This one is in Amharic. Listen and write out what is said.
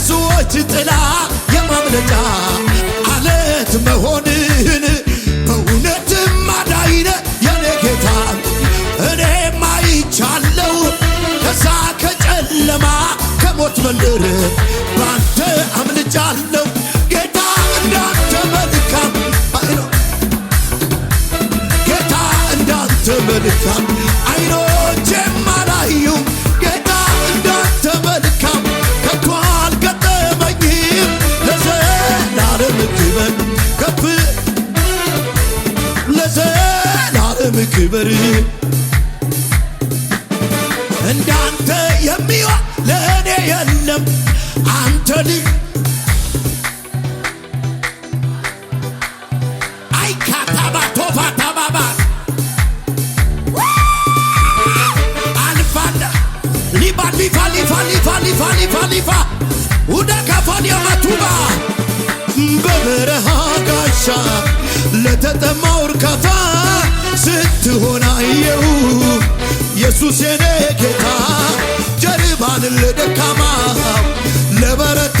ብዙዎች ጥላ የማምለጫ አለት መሆንህን በእውነትም አዳይነ የኔ ጌታ እኔ ማይቻለው ከዛ ከጨለማ ከሞት መንደር ባንተ አምልጫለው ጌታ እንዳንተ መልካም ጌታ እንዳንተ መልካም ክብር እንዳንተ የሚዋ ለእኔ የለም አንተ ልጅ ውደ ከፈን የመቱባ በበረሃ ጋሻ ለተጠማው እርካታ ስትሆን አየው ኢየሱስ የኔ ጌታ ጀርባን ለደካማ ለበረት